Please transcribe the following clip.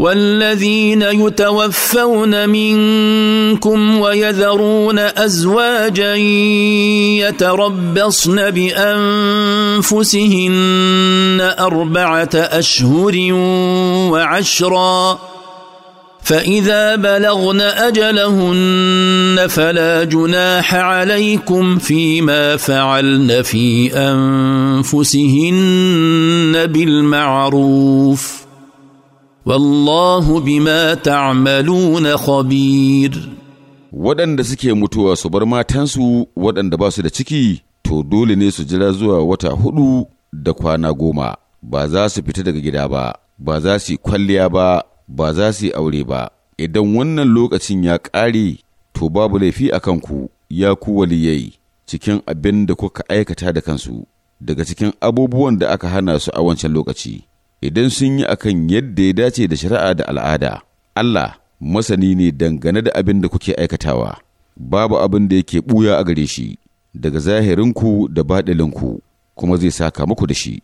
والذين يتوفون منكم ويذرون ازواجا يتربصن بانفسهن اربعه اشهر وعشرا فاذا بلغن اجلهن فلا جناح عليكم فيما فعلن في انفسهن بالمعروف والله بما تعملون خبير waɗanda suke mutuwa su bar matansu waɗanda ba su da ciki to dole ne su jira zuwa wata hudu da kwana goma ba za su fita daga gida ba ba za su yi kwalliya ba ba za su yi aure ba idan wannan lokacin ya ƙare to babu laifi a kanku ya ku waliyai cikin abin da kuka aikata da kansu daga cikin abubuwan da aka hana su a wancan lokaci idan sun yi akan yadda ya dace da shari'a da al'ada. Allah masani ne dangane da abin da kuke aikatawa, babu abin da yake ɓuya a gare shi, daga zahirinku da baɗilinku, kuma zai saka muku da shi.